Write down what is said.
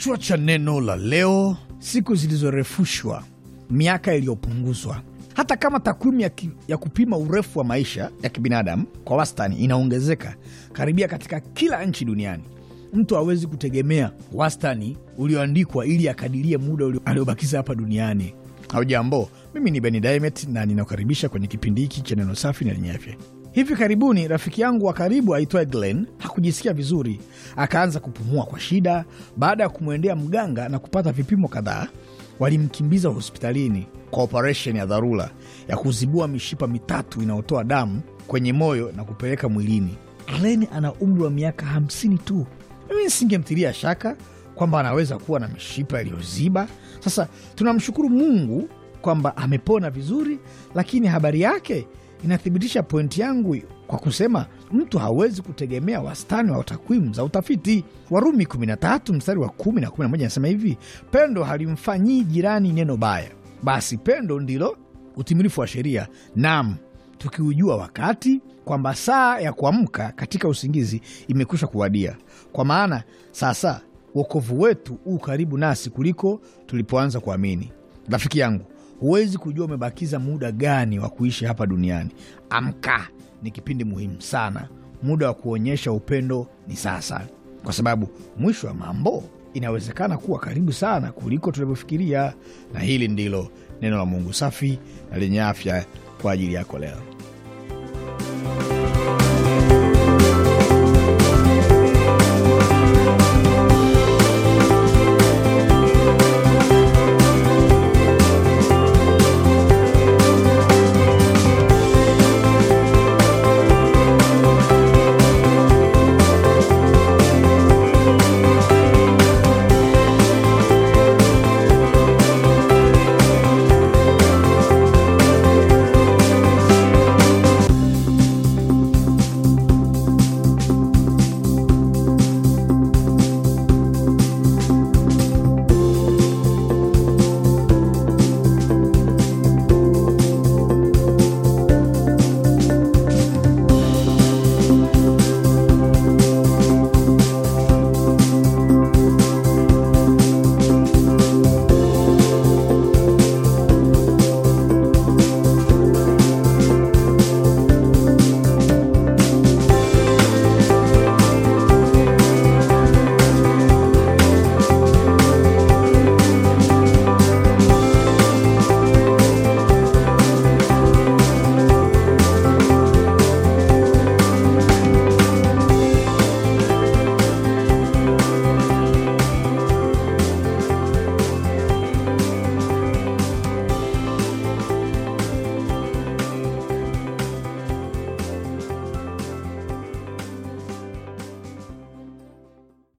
Kichwa cha neno la leo: siku zilizorefushwa, miaka iliyopunguzwa. Hata kama takwimu ya, ya kupima urefu wa maisha ya kibinadamu kwa wastani inaongezeka karibia katika kila nchi duniani, mtu hawezi kutegemea wastani ulioandikwa ili akadirie muda aliobakiza hapa duniani. Hujambo, mimi ni Beni na ninakukaribisha kwenye kipindi hiki cha neno safi na lenye afya. Hivi karibuni rafiki yangu wa karibu aitwaye Glen hakujisikia vizuri, akaanza kupumua kwa shida. Baada ya kumwendea mganga na kupata vipimo kadhaa, walimkimbiza hospitalini kwa operesheni ya dharura ya kuzibua mishipa mitatu inayotoa damu kwenye moyo na kupeleka mwilini. Glen ana umri wa miaka hamsini tu. Mimi nisingemtilia shaka kwamba anaweza kuwa na mishipa iliyoziba. Sasa tunamshukuru Mungu kwamba amepona vizuri, lakini habari yake inathibitisha pointi yangu hiyo kwa kusema mtu hawezi kutegemea wastani wa takwimu za utafiti. Warumi 13 mstari wa 10 na 11 anasema hivi, pendo halimfanyii jirani neno baya, basi pendo ndilo utimilifu wa sheria. Naam, tukiujua wakati kwamba saa ya kuamka katika usingizi imekwisha kuwadia, kwa maana sasa wokovu wetu huu karibu nasi kuliko tulipoanza kuamini. Rafiki yangu huwezi kujua umebakiza muda gani wa kuishi hapa duniani. Amka, ni kipindi muhimu sana. Muda wa kuonyesha upendo ni sasa, kwa sababu mwisho wa mambo inawezekana kuwa karibu sana kuliko tunavyofikiria. Na hili ndilo neno la Mungu safi na lenye afya kwa ajili yako leo.